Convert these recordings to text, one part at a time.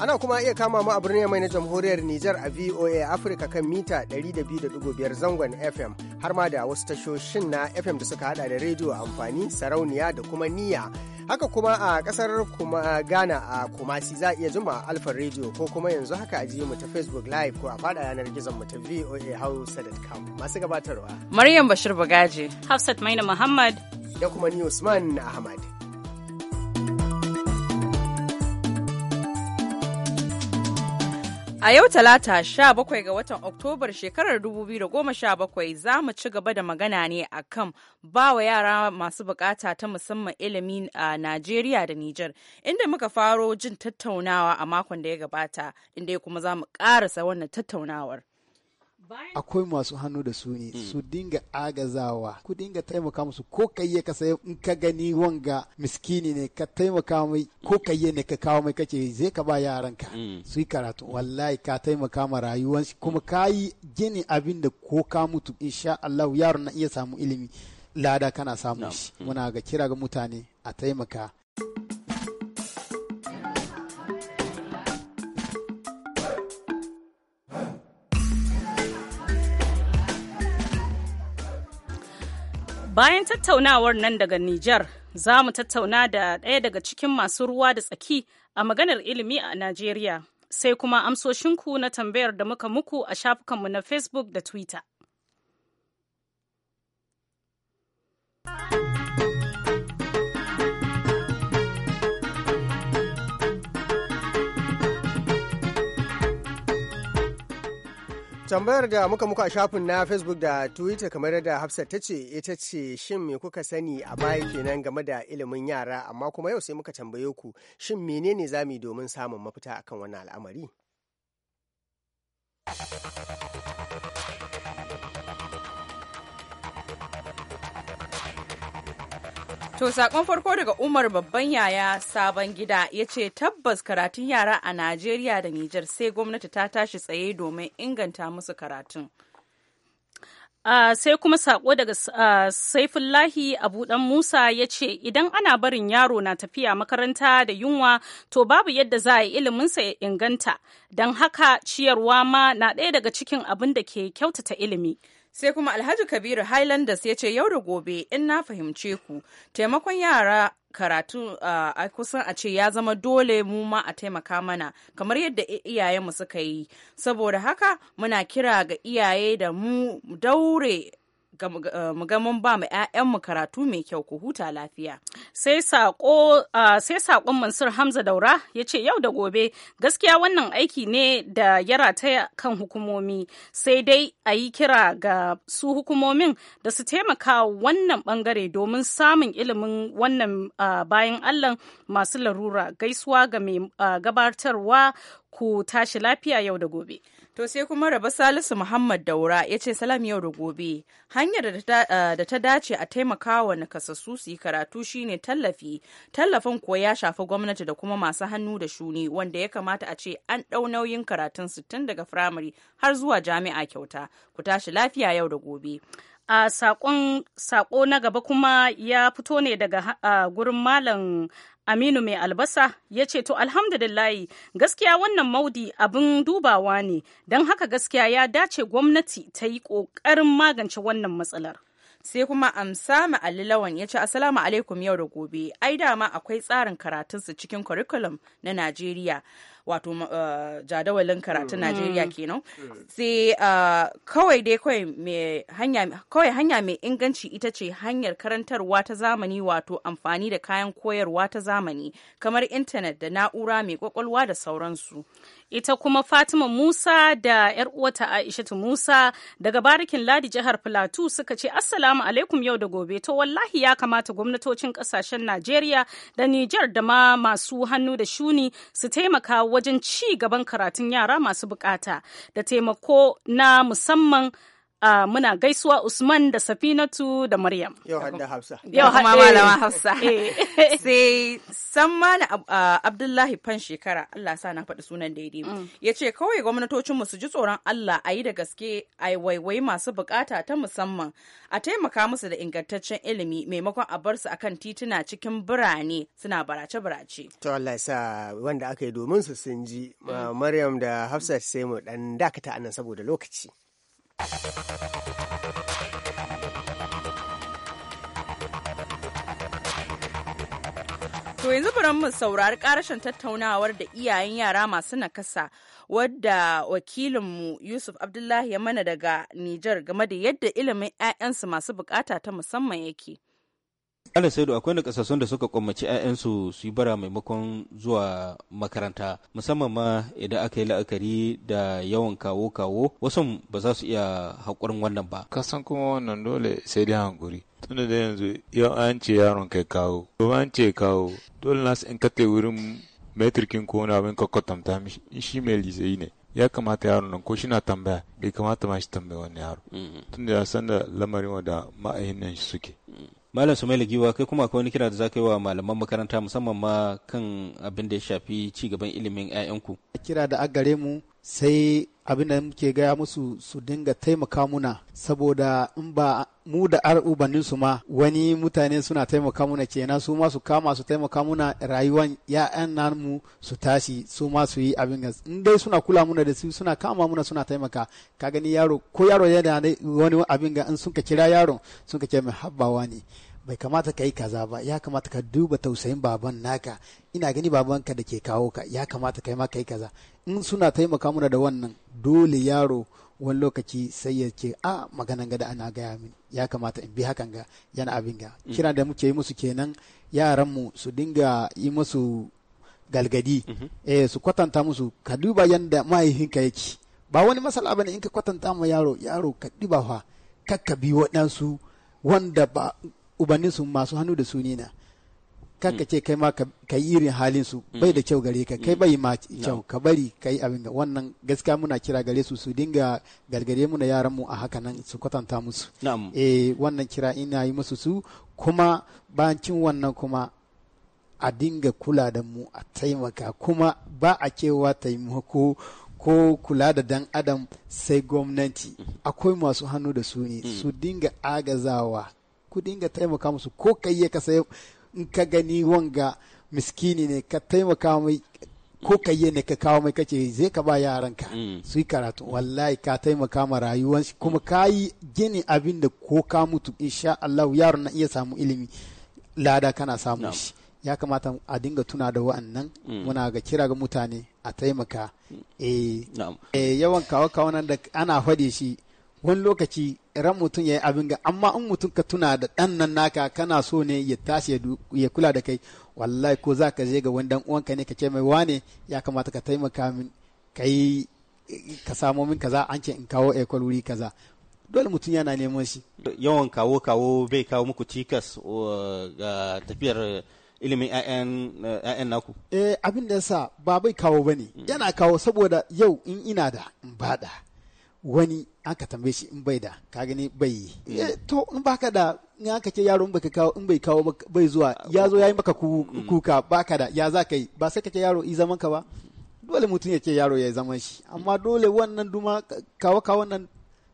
Ana kuma iya kama mu a birnin mai na jamhuriyar Nijar a VOA Africa kan mita 102.5 zangon FM har ma da wasu tashoshin na FM da suka hada da rediyo amfani sarauniya da kuma niyya. Haka kuma a kasar kuma Ghana a Kumasi za iya jima alfa rediyo ko kuma yanzu haka a mu ta Facebook Live ko a fada yanar gizon mu ta VOA Hausa.com masu gabatarwa. Maryam Bashir Bagaji, Hafsat Maina Muhammad da kuma ni Usman Ahmad. A yau talata 17 ga watan Oktobar shekarar 2017 za mu ci gaba da magana ne a kan bawa yara masu bukata ta musamman ilimi a Najeriya da Nijar, inda muka faro jin tattaunawa a makon da ya gabata, inda kuma za mu ƙarasa wannan tattaunawar. akwai masu hannu da su ne hmm. su dinga agazawa ku dinga taimaka musu ko kayye ka sai in ka gani wanga miskini ne ka taimaka mai ko kayye ne ka kawo mai kace zai ka ba yaranka hmm. su yi karatu wallahi ka taimaka ma rayuwar kuma ka yi gini abin da ko ka mutu insha Allah yaron na iya samu ilimi lada kana samu shi hmm. muna ga kira ga mutane a taimaka Bayan tattaunawar nan daga Nijar, za mu tattauna da ɗaya daga cikin masu ruwa da tsaki a maganar ilimi a Najeriya, sai kuma amsoshinku na tambayar da muka muku a shafukanmu na Facebook da Twitter. tambayar da muka muka a shafin na facebook da twitter kamar yadda hafsat ta ce ita ce shin me kuka sani a baya kenan game da ilimin yara amma kuma yau sai muka tambaye ku shin menene za mu yi domin samun mafita akan wannan al'amari To saƙon farko daga Umar babban yaya sabon gida ya ce tabbas karatun yara a Najeriya da Nijar sai gwamnati ta tashi tsaye domin inganta musu karatun. Uh, sai kuma sako daga uh, saifullahi abu dan musa ya ce idan ana barin yaro na tafiya makaranta da yunwa to babu yadda za a yi iliminsa ya inganta don haka ciyarwa ma na ɗaya daga cikin abin da ke kyautata ilimi sai kuma alhaji kabiru highlanders ya ce yau da gobe in na fahimce ku taimakon yara karatu a kusan a ce ya zama dole mu ma a taimaka mana kamar yadda iyayenmu suka yi saboda haka muna kira ga iyaye da mu daure Eh, mu ga mun ba mu 'ya'yanmu karatu mai kyau ku huta lafiya. Sai saƙon Mansur Hamza Daura ya ce yau da gobe gaskiya wannan aiki ne da ya rataya kan hukumomi sai dai a yi kira ga su hukumomin da su taimaka wannan bangare domin samun ilimin wannan bayan Allah masu larura gaisuwa ga mai gabatarwa ku tashi lafiya yau da gobe. To sai kuma Raba Salisu Muhammad Daura ya ce salam yau da gobe. Hanyar eh, da ta dace a taimaka wa nakasassu su yi karatu shine tallafi. Tallafin kuwa ya shafi gwamnati da kuma masu hannu da shuni wanda ya kamata a ce an ɗau nauyin karatun sittin daga firamare har zuwa jami'a kyauta. Ku tashi lafiya yau da gobe. a uh, sakon sako na gaba kuma ya fito ne daga uh, gurin malam Aminu mai albasa ya ce to alhamdulillahi gaskiya wannan maudi abin dubawa ne don haka gaskiya ya dace gwamnati ta yi ƙoƙarin magance wannan matsalar. sai kuma amsa ma'alli lawan ya ce asalamu alaikum yau da gobe ai dama akwai tsarin karatunsu cikin curriculum na najeriya wato uh, jadawalin karatun mm. Najeriya mm. kenan mm. sai uh, kawai dai kawai hanya mai inganci ita ce hanyar karantarwa ta zamani wato amfani da kayan koyarwa ta zamani kamar intanet da na'ura mai kwakwalwa da sauransu ita kuma Fatima Musa da 'yar uwata Aishatu Musa daga barikin Ladi jihar Plateau suka ce Assalamu alaikum yau da gobe to wallahi ya kamata gwamnatocin kasashen Najeriya da Nijar da ma masu hannu da shuni su taimaka wajen ci gaban karatun yara masu bukata da taimako na musamman Uh, muna gaisuwa Usman da Safinatu da Maryam. Yau hadda Hafsa. Yau kuma eh. Hafsa. Eh. Sai san mala ah, Abdullahi fan shekara Allah sa na faɗi sunan daidai. Mm. Ya ce kawai gwamnatocinmu su ji tsoron Allah a yi da gaske a waiwai masu bukata ta musamman a taimaka musu da ingantaccen ilimi maimakon a bar su akan tituna cikin birane suna barace-barace. To Allah ya sa wanda aka yi domin su sun ji mm. ah, Maryam da Hafsa sai mu dan dakata nan saboda lokaci. To yanzu bari mu saurari karashin tattaunawar da iyayen yara masu nakasa wadda wakilinmu Yusuf Abdullahi ya mana daga Nijar game da yadda ilimin 'ya'yansu masu bukata ta musamman yake. ala saidu akwai kasashen da suka kwamaci 'ya'yansu su yi bara maimakon zuwa makaranta musamman ma idan aka yi la'akari da yawan kawo kawo wasu ba za su iya haƙurin wannan ba kasan kuma wannan dole sai dai hankuri tunda da yanzu yau an ce yaron kai kawo to an ce kawo dole nasu in ka wurin metrikin ko wani abin ka kwatanta shi mai lisayi ne ya kamata yaron nan ko shi na tambaya bai kamata ma shi tambaya wani yaro mm-hmm. tunda ya san da lamarin da ma'ayin nan shi suke mm-hmm. Malam Sumaila Giwa kai kuma akwai wani kira da za ka yi wa malaman makaranta musamman ma kan abin da ya shafi ci gaban ilimin 'ya'yanku. Kira da agare mu sai abin da muke gaya musu su dinga taimaka muna saboda in ba mu da ar'ubannin su ma wani mutane suna taimaka muna kenan su ma su kama su taimaka muna rayuwan ya'yan namu su tashi su ma su yi abin gas in dai suna kula muna da su suna kama muna suna taimaka ka gani yaro ko yaro yana wani abin ga in sun ka kira yaron sun ka ce mai habbawa ne bai kamata ka yi kaza ba ya kamata ka duba tausayin baban naka ina gani babanka da ke kawo ka ya kamata ka ma ka yi kaza in suna taimaka mana da wannan dole yaro wani lokaci sai ya ce a maganan gada ana gaya min ya kamata in bi hakan ga yana abin ga mm. kira da muke yi musu kenan yaranmu su dinga yi musu galgadi mm-hmm. eh su kwatanta musu ka duba yanda mahaifinka yake ba wani masala bane in ka kwatanta ma yaro yaro ka diba fa kakka bi waɗansu wanda ba ubannin masu hannu da suni na kaka mm. ce kai ma ka yi irin halin su bai da mm. kyau gare ka kai mm. bai ma kyau ka bari ka yi abin wannan gaskiya muna kira gare su su dinga gargare mu da yaran mu a haka nan su kwatanta musu eh wannan kira ina yi musu su kuma bayan cin wannan kuma a dinga kula da mu a taimaka kuma ba a cewa taimako ko kula da dan adam sai gwamnati akwai masu hannu da su ne su dinga agazawa ku dinga taimaka musu ko kayye ka sayo in ka gani wanga miskini ne ka taimaka mai ko kayye ne ka kawo mai kace zai ka ba yaranka mm. su yi karatu wallahi ka taimaka ma rayuwar shi kuma ka gini abin da ko ka mutu insha Allah yaron na iya samu ilimi lada kana samun shi ya kamata a dinga tuna da wa'annan mm. muna ga kira ga mutane a taimaka mm. eh. eh yawan kawo kawo nan da ana faɗi shi wani lokaci ran mutum ya yi abin ga amma in mutum ka tuna da ɗan nan naka kana so ne ya tashi ya kula da kai wallahi ko za ka je ga wani dan uwanka ne ka ce mai wane ya kamata ka taimaka min ka yi ka samo min kaza an ce in kawo ekol wuri kaza dole mutum yana neman shi yawan kawo kawo bai kawo muku cikas ga tafiyar ilimin 'ya'yan naku? Eh abin da yasa ba bai kawo ba ne mm. yana kawo saboda yau in ina da in bada wani An ka tambaye shi in bai da ka gani bai yi mm. eh, to in baka da in aka ce yaro in baka kawo in bai kawo bai zuwa ya zo yayi maka mm. kuka baka da ya za ka yi ba sai ka ce yaro i zaman ka ba dole mutum ya ce yaro ya zaman shi amma dole wannan duma kawo kawo nan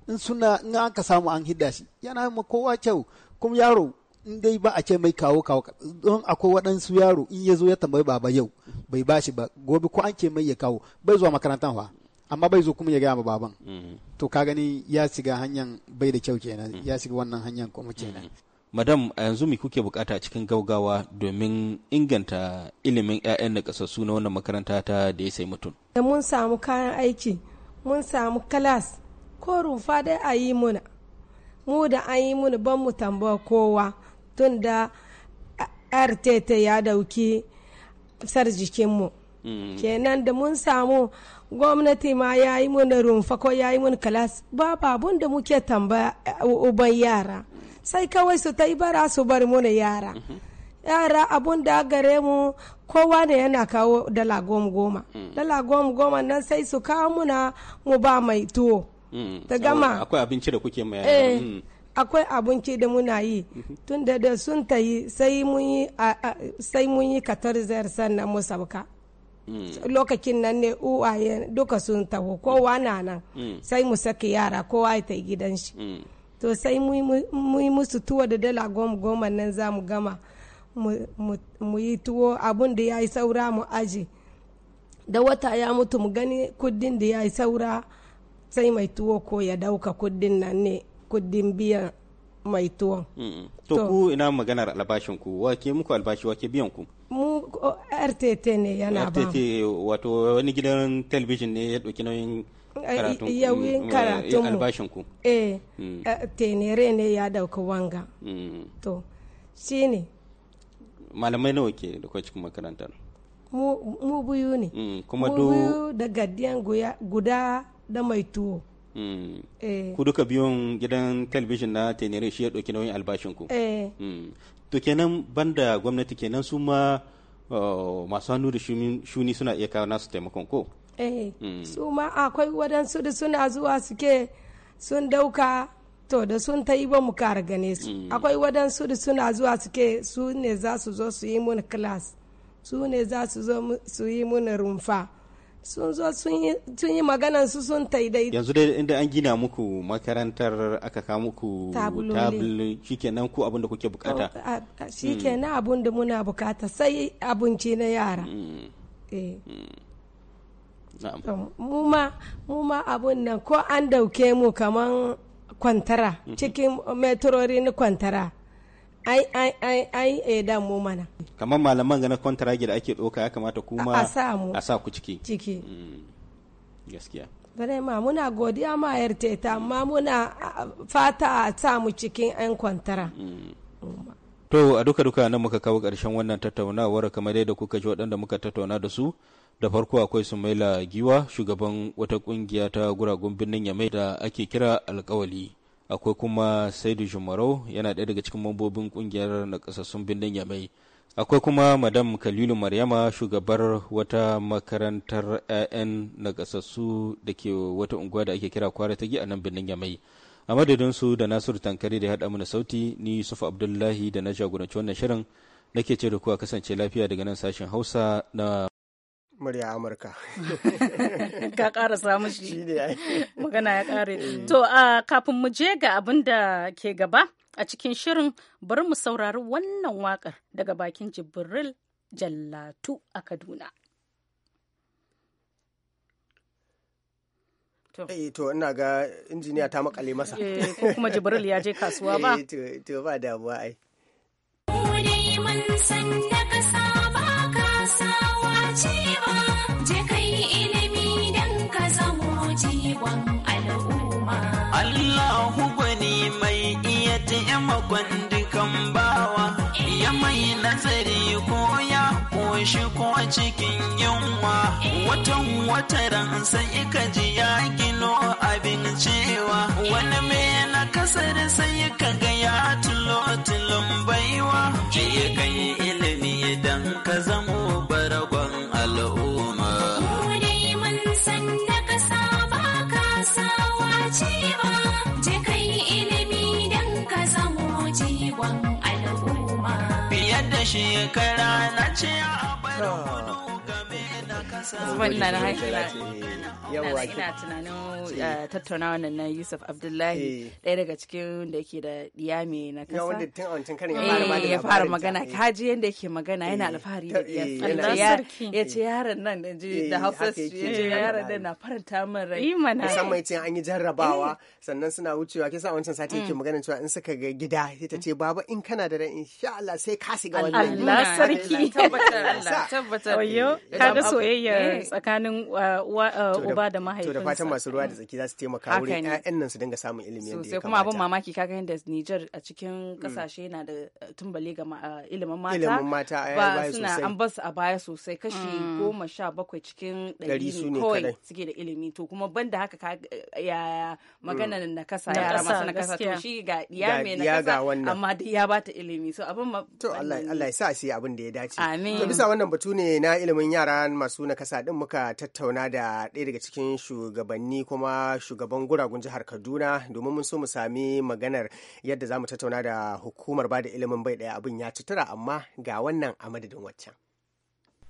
in suna in aka samu an hidda shi yana ma kowa kyau kuma yaro in dai ba a ce mai kawo kawo don akwai waɗansu yaro in ya zo ya tambayi baba yau bai bashi ba gobe ko an ce mai ya kawo bai zuwa makarantar fa amma bai zo kuma ya gaya ma baban mm-hmm. to ka gani ya shiga hanyar bai da kyau kenan mm-hmm. ya shiga wannan hanyar kuma kenan mm-hmm. madam a yanzu mi kuke bukata cikin gaugawa domin inganta ilimin 'ya'yan da kasassu na wannan makaranta ta da ya sai mutum mun samu kayan aiki mun samu kalas ko rufa dai a yi muna mu da an yi muna ban mu tambaya kowa tun da rtt ya dauki sar jikinmu Mm. kenan da mun samu gwamnati ma ya yi mun rumfa ko ya yi mun kalas ba babun da muke tambaya eh, uban yara sai kawai su ta yi bara su bar mun yara mm-hmm. yara abun da gare mu kowa ne yana kawo dala goma goma mm. dala goma goma nan sai su kawo muna mu ba mai tuwo mm. ta gama akwai abinci da kuke mai eh, akwai abinci da muna yi mm-hmm. tun da sun ta yi sai mun yi katar zayar sannan mu sauka Mm. lokacin nan ne uwaye duka sun taho kowa na nan mm. sai mu saki yara kowa ya ta gidan shi mm. to sai mu musu tuwo da dala goma goma nan za mu gama mu yi tuwo abun da ya yi saura mu aji da wata ya mutu mu gani kudin da ya yi saura sai mai tuwo ko ya dauka kuddin nan ne kuddin biyan mai tuwon. To ku ina maganar albashin ku wake muku albashi wake biyan ku. Mu RTT ne yana ba. RTT wato wani gidan telebijin ne ya ɗauki nauyin yawin karatun mm, albashin ku. Eh, mm. eh tenere ne ya dauki wanga. Mm. To shi ne. Malamai nawa ke da kwa cikin makarantar? Mu biyu ne. Kuma do. Mu biyu da gadiyan guda da mai tuwo. Eh. Eh. ku duka biyun gidan talabijin na tenere shi ya ɗauki nauyin albashinku eh. hmm. to kenan banda gwamnati kenan su ma oh, masu hannu da shuni suna iya kawo nasu taimakon ko hmm. su ma akwai waɗansu da suna zuwa suke sun dauka to da sun ta yi ba mu kara gane su hmm. akwai waɗansu da suna zuwa suke su ne za su zo su yi mun class su ne za su zo su yi mun rumfa sun zo sun yi maganan su sun taidai yanzu dai inda an gina muku makarantar aka kawo muku tabuloli shikenan ku abin da kuke bukata oh, hmm. shikenan abin da muna bukata sai abinci na yara hmm. Eh. Hmm. mu ma abun nan ko an dauke mu kaman kwantara cikin metrori na kwantara ai ai ai ai eh, damu mana kamar malaman ga na kontragi da ake doka ya kamata kuma a sa a sa ku ciki ciki mm. gaskiya ma muna godiya ma yarteta amma muna fata a sa mu cikin 'yan kwantara mm. to a duka duka nan muka kawo ƙarshen wannan tattaunawar kamar dai da kuka ji waɗanda muka tattauna da su da farko akwai sumaila giwa shugaban wata ƙungiya ta guragun birnin yamai da ake kira alkawali akwai kuma saidu jumarau yana ɗaya daga cikin mambobin ƙungiyar nakasassun birnin yamai akwai kuma madam kalilu maryama shugabar wata makarantar 'ya'yan nakasassu da ke wata unguwa da ake kira kwara ta a nan birnin yamai a madadinsu da nasiru tankare da ya haɗa mana sauti ni yusuf abdullahi da na jagoranci wannan shirin nake ce da kuwa kasance lafiya daga nan sashen hausa na murya amurka ka ƙara samu shi magana ya ƙare eh. to kafin mu je ga abin da ke gaba a cikin shirin bari mu saurari wannan wakar daga bakin jibril jallatu a kaduna Eh to ina ga injiniya ta makale masa. Eh, ko kuma Jibril ya je kasuwa ba. Eh to ba damuwa ai. Ko dai mun uban bawa ya mai nazari ko ya koshi ko cikin yunwa watan wataran sai ka ji ya gino abin cewa wani mai na kasar sai ka ga ya tulo tulun baiwa ya kai ilimi dan ka zama shekara na ce a barin ina tunanin tattaunawa nan na Yusuf Abdullahi ɗaya daga cikin da yake da diya mai na kasa. Wanda a ya fara magana. Kaji yadda yake magana yana alfahari da diyarsa. Ya ce yaron nan da ji da Hausa nan na faranta min rai. Musamman ce an yi jarrabawa sannan suna wucewa kisa a wancan sati yake magana cewa in suka ga gida ita ce baba in kana da rai insha Allah sai ka wannan. Allah sarki. soyayya. soyayya eh. tsakanin uh, uh, uba da mahaifinsa. To da fatan masu ruwa da tsaki za su taimaka wurin ƴaƴan nan su dinga samun ilimi yadda ya kamata. kuma abin mamaki kaga yadda Niger a cikin kasashe mm. yana da uh, tumbali ga ilimin mata. Ilimin mata a baya sosai. An basu a baya sosai kashi mm. goma sha bakwai cikin ɗari ne kawai suke da ilimi to kuma ban da haka ya magana mm. na kasa yara masu na kasa to shi ga ya mai na kasa amma duk ya bata ilimi so abin to Allah ya sa sai abin da ya dace. Amin. To bisa wannan batu ne na ilimin yara masu na na kasa din muka tattauna da ɗaya daga cikin shugabanni kuma shugaban guragun jihar kaduna domin mun so mu sami maganar yadda za mu tattauna da hukumar ba da ilimin bai ɗaya abin ya ci amma ga wannan a madadin waccan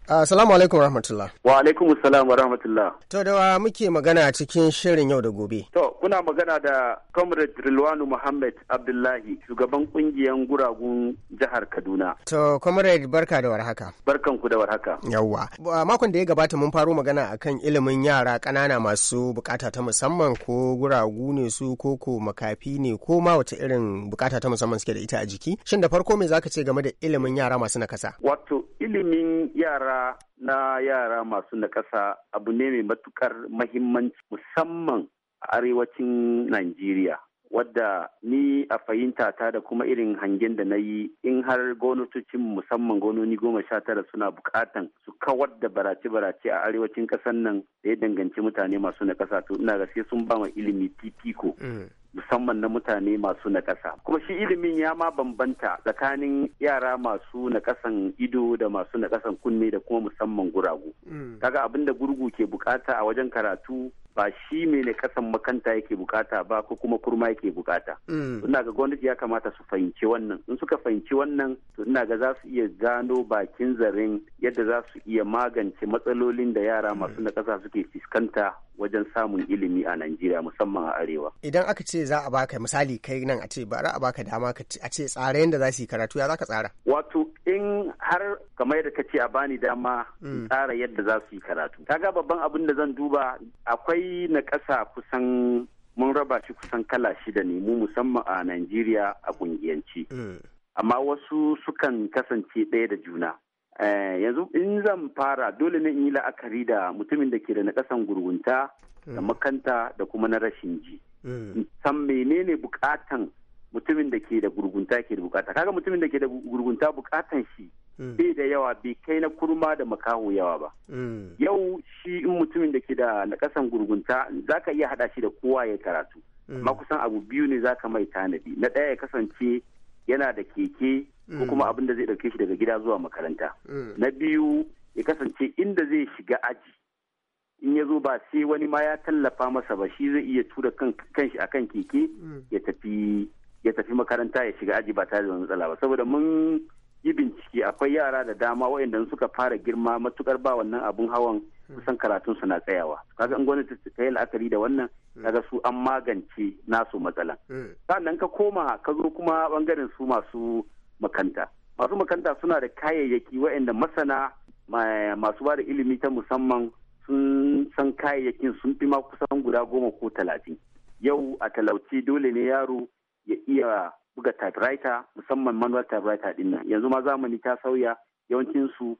Ah, assalamu alaikum rahmatullah. Wa alaikum assalam wa rahmatullah. To da wa muke magana cikin shirin yau da gobe. To kuna magana da Comrade Rilwanu Muhammad Abdullahi shugaban kungiyar guragun jihar Kaduna. To Comrade barka da warhaka. Barkan ku da warhaka. Yawwa. Makon da ya gabata mun faro magana akan ilimin yara ƙanana masu bukata ta musamman ko guragu ne su ko ko makafi ne ko ma wata irin bukata ta musamman suke da ita a jiki. Shin da farko me zaka ce game da ilimin yara masu nakasa? Wato ilimin yara yara na yara masu nakasa abu ne mai matukar mahimmanci musamman a arewacin Najeriya. wadda ni a fahimta ta da kuma irin hangen da na yi in har gwamnatocin musamman gononi goma sha tara suna bukatan su kawar da barace-barace a arewacin ƙasar nan da ya danganci mutane masu na kasa to ina gaske sun ba ma ilimi fifiko mm. musamman na mutane masu na kasa kuma shi ilimin ya ma bambanta tsakanin yara masu na kasan ido da masu na kasan kunne da kuma musamman guragu mm. kaga abinda gurgu ke bukata a wajen karatu ba shi mai ne kasan makanta yake bukata ba ko kuma kurma yake bukata. Mm. Ina ga gwamnati ya kamata su fahimci wannan. In suka fahimci wannan to ina ga za su iya gano bakin zarin yadda za su iya magance matsalolin da yara mm. masu na kasa suke fuskanta wajen samun ilimi a Najeriya musamman a arewa. Idan aka ce za a baka misali kai nan a ce bara a baka dama a ce tsara yadda za su yi karatu ya za ka tsara. Wato in har kamar yadda ka ce a bani dama mm. tsara yadda za su yi karatu. Kaga babban abin da zan duba akwai akwai na ƙasa kusan mun raba shi kusan kala shida ne mu musamman a Najeriya a kungiyanci. Eh. Amma wasu sukan kasance ɗaya da juna. Eh, yanzu in zan fara dole ne in yi la'akari da mutumin da ke da na ƙasan gurgunta da eh. makanta da kuma na rashin ji. San menene bukatan mutumin da ke da gurgunta ke da bukata. Kaga mutumin da ke da gurgunta bukatan shi Mm. bai da yawa bai kai na kurma da makaho yawa ba mm. yau shi in mutumin da ke da kasan gurgunta za ka iya haɗa shi da kowa ya karatu mm. amma kusan abu biyu ne za ka mai tanadi na ɗaya ya kasance yana da keke ko kuma abin da zai ɗauke shi daga gida zuwa makaranta na biyu ya kasance inda zai shiga aji in ya zo ba sai wani ma ya tallafa masa ba shi zai iya tura kan shi akan keke ya tafi ya tafi makaranta ya shiga aji ba tare da matsala ba saboda mun yi bincike akwai yara da dama waɗanda suka fara girma matukar ba wannan abun hawan kusan karatun su na tsayawa kaga in gwamnati ta yi la'akari da wannan kaga su an magance nasu matsalan sannan ka koma ka zo kuma bangaren su masu makanta masu makanta suna da kayayyaki waɗanda masana masu ba da ilimi ta musamman sun san kayayyakin sun fi ma kusan guda goma ko talatin yau a talauci dole ne yaro ya iya buga typewriter musamman manual typewriter din nan yanzu ma zamani ta sauya yawancin su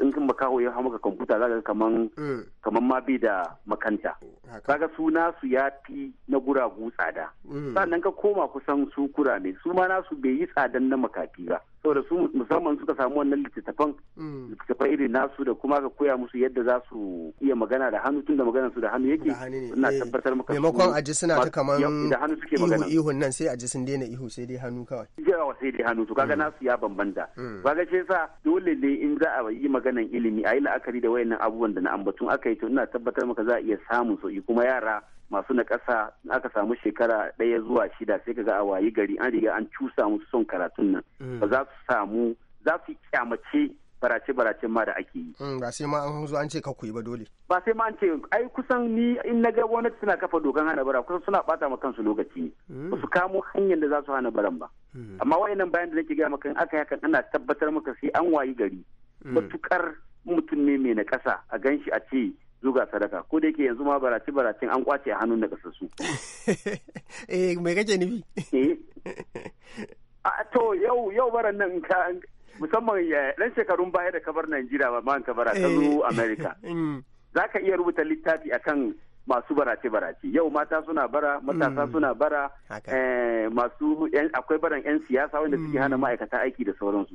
in kin makaho ya maka kwamfuta zaka kaman eh. kaman ma bi da makanta oh, kaga su nasu ya fi na guragu tsada eh. sannan ka koma kusan su kurame su ma nasu bai yi tsadan na makafi ba saboda su musamman suka samu wannan littattafan mm. littattafan irin nasu da kuma ka koya musu yadda za su iya magana da hannu tunda magana su da hannu yake ina eh. tabbatar maka maimakon aji suna ta kaman ihu ihun nan sai aji sun daina ihu sai dai hannu kawai yawa sai dai hannu to kaga mm. nasu ya bambanta mm. kaga shi yasa dole ne in za a yi maganan ilimi a yi la'akari da wayannan abubuwan da na ambatun aka yi to ina tabbatar maka za a iya samun sauki kuma yara masu na ƙasa aka samu shekara ɗaya zuwa shida sai ka ga a wayi gari an riga an cusa musu son karatun nan mm. ba za su samu za su kyamace barace barace ma da ake yi. Mm, ba sai ma an zo an ce kuyi ba dole. ba sai ma an ce ai kusan ni in na ga wani suna kafa dokan hana bara kusan suna bata ma kansu lokaci ne mm. ba su kamo hanyar da za su hana baran ba amma wayannan bayan da nake gaya maka aka hakan ana tabbatar maka sai an wayi gari matukar mutum ne mai na ƙasa a ganshi a ce zuga sadaka ko da yake yanzu ma barace baracin an kwace a hannun da kasassu eh mai kake nufi eh a to yau yau baran nan ka musamman ran eh, shekarun baya da kabar Najeriya ba man kabara ta zo eh. America mm. zaka iya rubuta littafi akan masu barace barace yau mata suna bara matasa mm. suna bara eh, masu akwai baran yan siyasa wanda suke mm. hana ma'aikata aiki da sauransu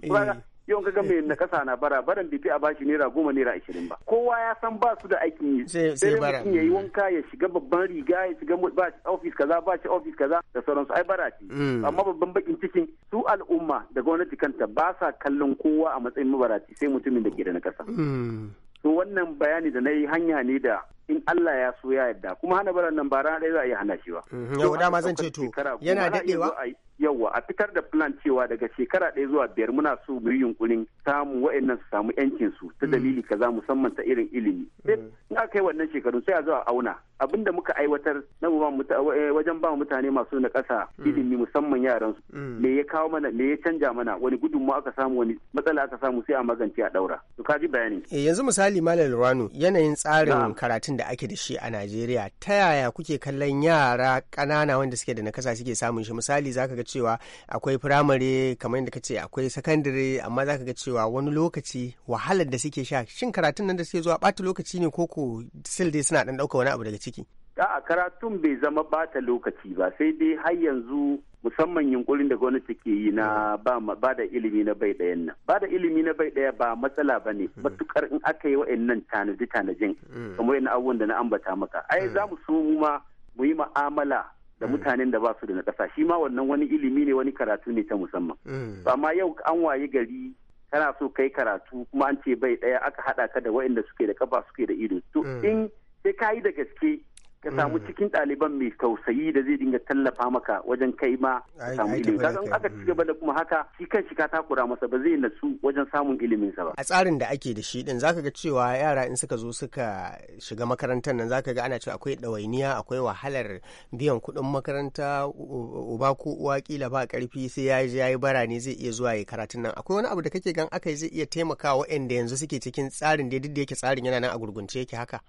yau ka ga na kasa na bara baran bp a bashi naira goma naira ashirin ba kowa ya san ba su da aikin yi sai ya yi wanka ya shiga babban riga ya shiga ba shi ofis kaza ba ofis kaza da sauransu ai bara ce mm. amma babban bakin cikin su al'umma da gwamnati kanta ba sa kallon kowa a matsayin mabaraci sai mutumin da ke da kasa. Mm. to wannan bayani da na yi hanya ne da in Allah ya so ya yarda kuma hana baran nan ba ranar ɗaya za a yi hana shi ba. Mm-hmm. Yau dama zan ce to yana daɗewa. yawa a fitar da plan cewa daga shekara ɗaya zuwa biyar muna so mu yi yunkurin samun wa'annan su samu yancin su ta mm. dalili kaza musamman ta irin ilimi mm. in aka yi wannan shekarun sai a zo a auna abin da muka aiwatar na eh, wajen ba mutane masu na ƙasa mm. ilimi musamman yaran su me ya kawo mana me ya canja mana wani gudunmawa aka samu wani matsala aka samu sai a magance a daura to ka ji bayani eh, yanzu misali malam Rwano yanayin tsarin karatun da ake da shi a Najeriya ta yaya kuke kallon yara ƙanana wanda suke da na ƙasa suke samun shi misali zaka ga ga cewa akwai firamare kamar yadda kace akwai sakandare amma za ka ga cewa wani lokaci wahalar da suke sha shin karatun nan da suke zuwa bata lokaci ne ko ko sil dai suna ɗan dauka wani abu daga ciki. a karatun bai zama bata lokaci ba sai dai har yanzu musamman yunkurin da gwamnati ke yi na ba da ilimi na bai ɗayan nan ba da ilimi na bai ɗaya ba matsala ba ne mm-hmm. matukar in aka yi wa'annan tanaji tanajin mm. kamar yana abubuwan da na ambata maka ai mm. za mu so mu ma mu yi ma'amala da mutanen da ba su da na ƙasa shi ma wannan wani ilimi ne wani karatu ne ta musamman mm. amma yau an waye gari kana so kai karatu kuma an ce bai ɗaya aka haɗa ka da waɗanda suke da kafa suke da ido to mm. in sai ka yi da gaske ka samu mm. cikin ɗaliban mai tausayi da zai dinga tallafa maka wajen kai ma ka samu ilimi ka san aka ci gaba da kuma haka shi kan shi ka takura masa ba zai natsu wajen samun ilimin sa ba a tsarin da ake da shi din zaka ga cewa yara in suka zo suka shiga makarantar nan zaka ga ana cewa akwai dawainiya akwai wahalar biyan kuɗin makaranta uba ko uwa kila ba karfi sai ya je yayi bara ne zai iya zuwa yayi karatun nan akwai wani abu da kake gan aka zai iya taimakawa waɗanda yanzu suke cikin tsarin da duk da yake tsarin yana nan a gurgunce yake haka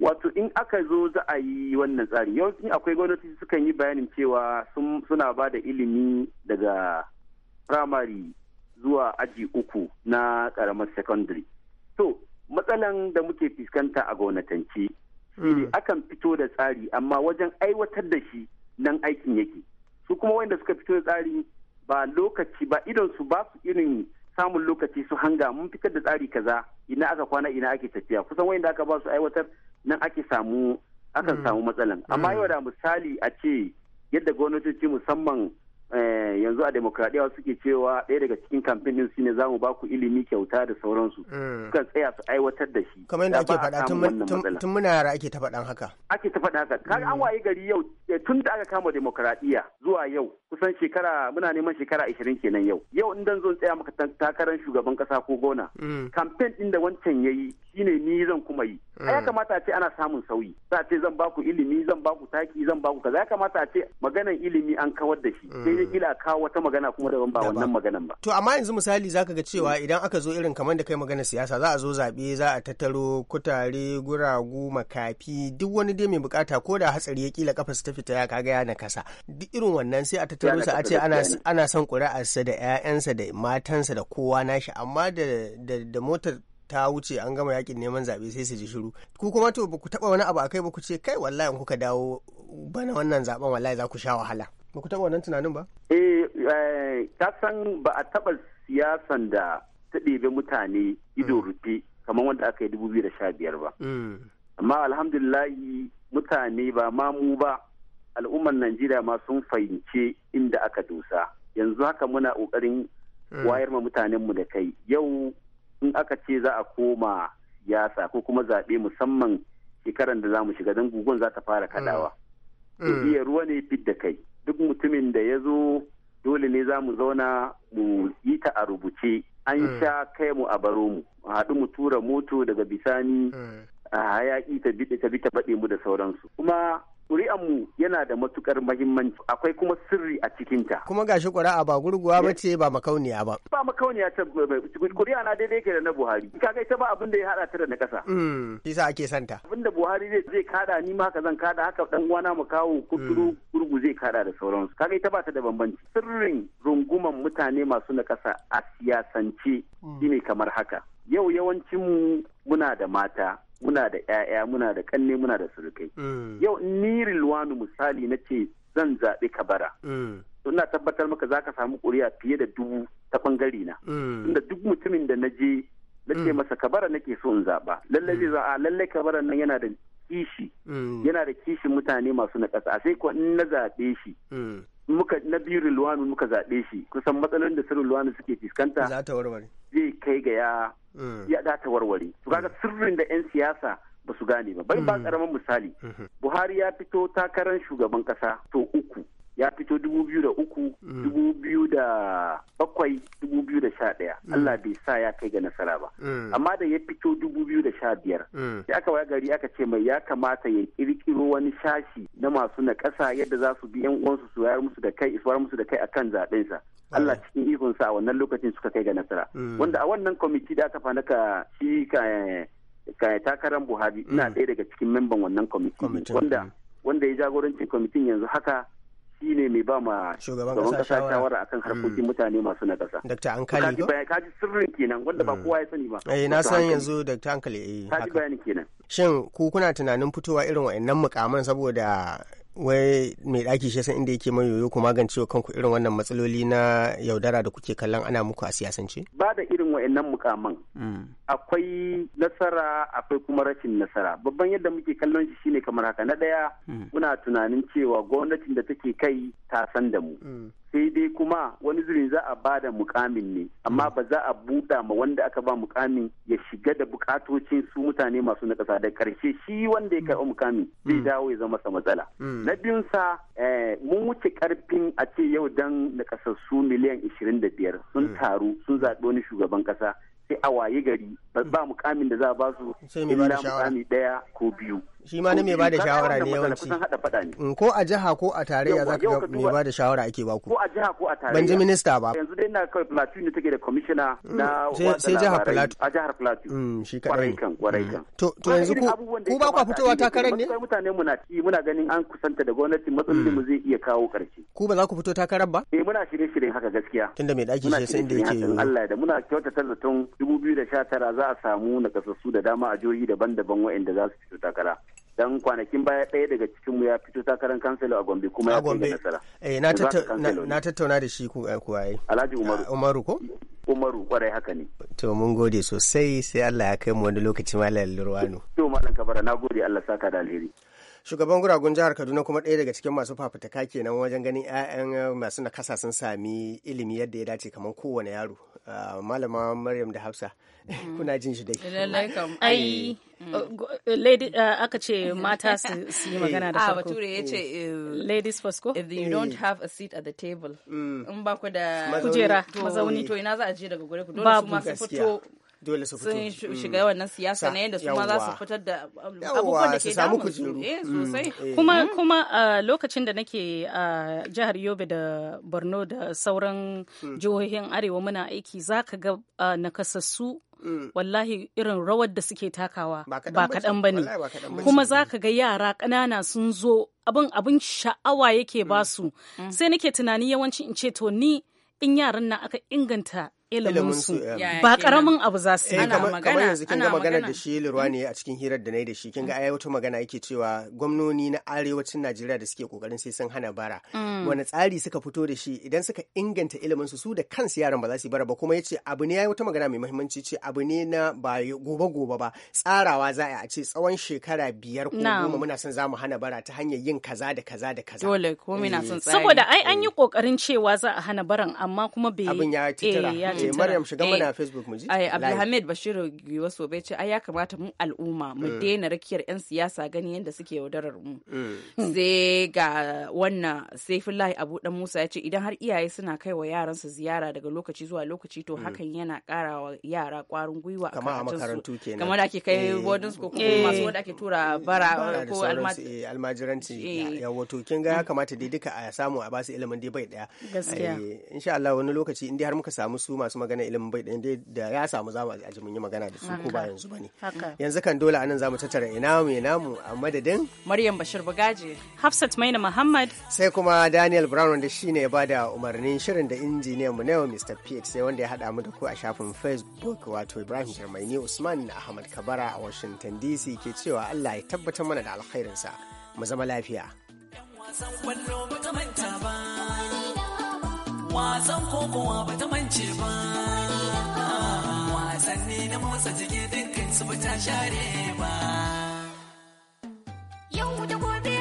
wato in aka zo za a yi wannan tsari yawanci akwai gwamnati sukan yi bayanin cewa suna ba da ilimi daga firamare zuwa aji uku na karamar secondary to matsalan da muke fuskanta a gwamnatance hmm. akan fito da tsari amma wajen aiwatar da shi nan aikin yake su kuma wanda suka fito da tsari ba lokaci ba idan su ba su irin samun lokaci su hanga mun fitar da tsari kaza ina aka kwana ina ake tafiya kusan wanda aka ba su aiwatar nan ake samu akan mm. samu matsalan amma mm. yau da misali a ce yadda gwamnatoci musamman Eh, yanzu a demokradiyya suke cewa ɗaya daga cikin kamfen din shine za mu ba ilimi kyauta da sauransu eh. kan tsaya su aiwatar da shi kamar yadda ake faɗa tun muna yara ake ta faɗan haka ake ta faɗan haka kaga an mm. waye gari yau eh, tun da aka kama demokradiyya zuwa yau kusan shekara muna neman shekara ashirin kenan yau yau in dan zo tsaya maka takarar shugaban kasa ko gona mm. kamfen din da wancan yayi shine ni zan kuma yi ya mm. kamata a ce ana samun sauyi za a ce zan baku ilimi zan baku taki zan baku kaza ya kamata a ce maganan ilimi an kawar da shi kila kawo wata magana kuma daban ba wannan maganan ba to amma yanzu misali zaka ga cewa idan aka zo irin kamar da kai magana siyasa za a zo zaɓe za a tattaro kutare guragu makafi duk wani dai mai bukata ko da hatsari ya kila kafa su ta fita ya kaga ya nakasa duk irin wannan sai a tattaro su a ce ana ana son ƙuri'arsa da 'ya'yansa da matansa da kowa nashi amma da motar ta wuce an gama yakin neman zaɓe sai su ji shiru ku kuma to ba ku taɓa wani abu akai ba ku ce kai wallahi kuka dawo bana wannan zaben wallahi za ku sha wahala ba ku taɓa wannan tunanin ba? Eh, eh ka san ba a taɓa siyasan da ta ɗebe mutane ido mm. rufe kamar wanda aka yi dubu biyu da sha biyar ba mm. amma alhamdulillahi mutane ba ma mu ba al'ummar najeriya ma sun fahimce inda aka dusa yanzu haka muna ƙoƙarin mm. wayar ma mutanenmu da kai yau in aka ce za a koma siyasa ko kuma zaɓe musamman shekaran da za mu shiga don guguwar za ta fara kadawa. iya ruwa ne fit da kai duk mutumin da ya zo dole ne za mu zauna mu yi ta a rubuce an hmm. sha kai mu a baro mu haɗu mu tura moto daga bisani hmm. a hayaƙi ta bi ta baɗe mu da sauransu kuma mu yana da matukar mahimmanci akwai kuma sirri a cikinta. Kuma gashi ƙuri'a ba gurguwa ba ce ba makauniya ba. Ba makauniya ta ƙuri'a na daidai ke da na Buhari. Kaga ita ba abin da ya haɗa ta da na ƙasa. Hmm, Isa ake santa. Abin da Buhari zai zai kada ni ma haka zan kada haka dan uwana mu kawo hmm. kuturu gurgu zai kada da sauransu. Kaga ita ba ta da bambanci. Sirrin runguman mutane masu na ƙasa a siyasance hmm. shine kamar haka. Yau yawancinmu muna da mata muna da ƴaƴa muna da kanne muna da surukai mm. yau ni rilwanu misali na ce zan zaɓi kabara mm. to ina tabbatar maka za ka samu ƙuri'a fiye da dubu ta ɓangare na mm. tunda duk mutumin da na je na ce masa kabara nake so in zaɓa lallai zai za'a ah, lallai kabara nan yana da kishi yana da kishin mutane masu na ƙasa sai ko in na zaɓe shi muka na biyu rilwanu muka zaɓe shi kusan matsalolin da su rilwanu suke fuskanta zai kai ga ya Eh. ya da ta warware to ga eh. sirrin da yan siyasa ba su gane ba bai ba karamin eh. misali buhari ya fito takarar shugaban kasa to uku ya fito dubu biyu da uku dubu biyu da bakwai dubu biyu da sha ɗaya Allah bai sa ya kai ga nasara ba amma da ya fito dubu biyu sha biyar. Mm. Sai aka waya gari aka ce mai ya kamata ya kirkiro wani shashi na masu na ƙasa yadda za su bi yan uwansu su wayar musu da kai su wayar musu da kai akan zaɓen sa. Allah cikin ikon sa a wannan lokacin suka kai ga nasara. Mm. Wanda a wannan kwamiti da aka fana ka shi ka takarar Buhari ina mm. ɗaya daga cikin memban wannan kwamiti wanda wanda ya jagoranci kwamitin yanzu haka shi ne mai ba ma shugaban kasa shawara akan harkokin mm. mutane masu na kasa. Dr. Ankali ko? Ka ji sirrin kenan wanda ba mm. kowa ya sani ba. Eh na san yanzu Dr. Ankali eh Ka ji bayanin kenan. Shin ku kuna tunanin fitowa irin wa'annan mukaman saboda wai mai ɗaki shi san inda yake man yoyo ku magance wa kanku irin wannan matsaloli na yaudara da kuke kallon ana muku a siyasance? Ba da irin wa'annan mukaman. Mm. Akwai nasara akwai kuma rashin nasara. Babban yadda muke kallon shi shine kamar haka. Na ɗaya mm. muna tunanin cewa gwamnatin da take kai ta san da mu. Mm. sai dai kuma wani zubin za a ba da mukamin ne amma hmm. ba za a buɗa ma wanda aka ba mukamin ya shiga da bukatocin su mutane masu na ƙasa da karshe shi wanda ya karɓi hmm. mukamin zai hmm. dawo ya zama sa matsala na biyun sa eh, mun wuce karfin a ce yau dan na ƙasassu miliyan 25 sun taru sun zaɓi wani shugaban ƙasa sai a waye gari ba mukamin da za a ba su sai mukami ɗaya ko biyu shi ma na mai bada shawara ne yawanci mm, ko a jiha ko a tarayya za ka ga mai bada shawara ake ba ku a ban ji minista ba yanzu dai na kai plateau ne take da commissioner mm, na sai jihar plateau a jihar plateau mm, shi kadai kan to yanzu ku ba ku fitowa takarar ne mutane muna ci muna ganin an kusanta da gwamnati matsalolin mu zai iya kawo karshe ku ba za ku fito takarar ba eh muna shirye shirye haka gaskiya tunda mai daki shi sai inda yake Allah ya da muna kyautata zaton 2019 za a samu nakasassu da dama a jihohi daban-daban waɗanda za su fito takara dan kwanakin baya ɗaya daga cikinmu ya fito takarar kansila a gombe kuma ya kai nasara eh, na tattauna da shi kuwaye eh, alhaji umaru ah, umaru ko umaru kwarai haka ne to mun gode sosai sai Allah ya kai mu wani lokaci malam lurwano to malam kabara na gode Allah saka da alheri shugaban guragun jihar kaduna kuma ɗaya daga cikin masu fafutuka kenan wajen ganin 'ya'yan eh, masu nakasa sun sami ilimi yadda ya dace kamar kowane yaro ah, malama maryam da hafsa Mm-hmm. kuna jin shi dai ai uh, lady uh, aka ce mm-hmm. mata su yi magana da ah, farko bature ya ce mm. uh, ladies first ko if you don't mm. have a seat at the table mm. in ba ku da kujera mazauni eh. to ina za a je daga gure ku dole su ma fito dole su fito sun shiga wannan siyasa na yadda su ma za su fitar da abubuwan da ke damu kujeru eh, eh. kuma hmm? kuma lokacin da nake a jihar Yobe da Borno da sauran jihohin Arewa muna aiki za ka ga nakasassu Mm. wallahi irin rawar da suke takawa ba kaɗan ba ne kuma za ka ga yara ƙanana sun zo abin abin sha'awa yake ba mm. su mm. sai nake tunani yawanci in ce to ni in yaran nan aka inganta iliminsu eh. ba karamin abu za su yi eh, ana magana kamar yanzu kin ga magana da shi ne a cikin hirar da na yi da shi kin ga mm. ai wata magana yake cewa gwamnoni na arewacin Najeriya da suke kokarin sai sun hana bara mm. wani tsari suka fito da shi idan suka inganta ilimin su su da kansu yaran ba za su yi bara ba kuma yace abu ne yayi wata magana mai muhimmanci ce abu ne na ba gobe gobe ba tsarawa za a ce tsawon shekara biyar ko goma muna son zamu hana bara ta hanyar yin kaza da kaza da kaza dole ko muna eh. son tsari saboda ai an yi kokarin cewa za a hana baran amma kuma bai abin ya titira eh Maryam shiga eh, mana Facebook mu ji ai eh, Abdulhamid Bashir Giwa Sobe ce ai ya kamata mu al'umma mu eh. daina rakiyar yan siyasa gani yanda suke yaudarar mu sai ga wannan Saifullahi Abu Dan Musa ya ce idan har iyaye suna kai wa yaran su ziyara daga lokaci zuwa lokaci to mm. hakan yana ƙara wa yara ƙwarin gwiwa a makarantu kenan kamar ake kai boarding school ko masu wanda ake tura bara ko almajiranci ya wato kin ga ya kamata dai duka a samu a basu ilimin dai bai daya gaskiya insha Allah wani lokaci in dai har muka samu su masu magana ilimin bai ɗaya da ya samu za mu mun yi magana da su ko ba yanzu ba ne yanzu kan dole anan za mu tattara ina mu ina mu a madadin maryam bashir Bugaji. hafsat maina muhammad sai kuma daniel brown wanda shine ya da umarnin shirin da injiniyan mu yau mr pete sai wanda ya haɗa mu da ku a shafin facebook wato ibrahim jarmaini usman ahmad kabara a washington dc ke cewa allah ya tabbatar mana da alkhairinsa mu zama lafiya. Zan wani ba ta manta ba wasan kowa ba ta mance ba wasanni na motsa jiki dukkan su ba ta share ba yau da gobe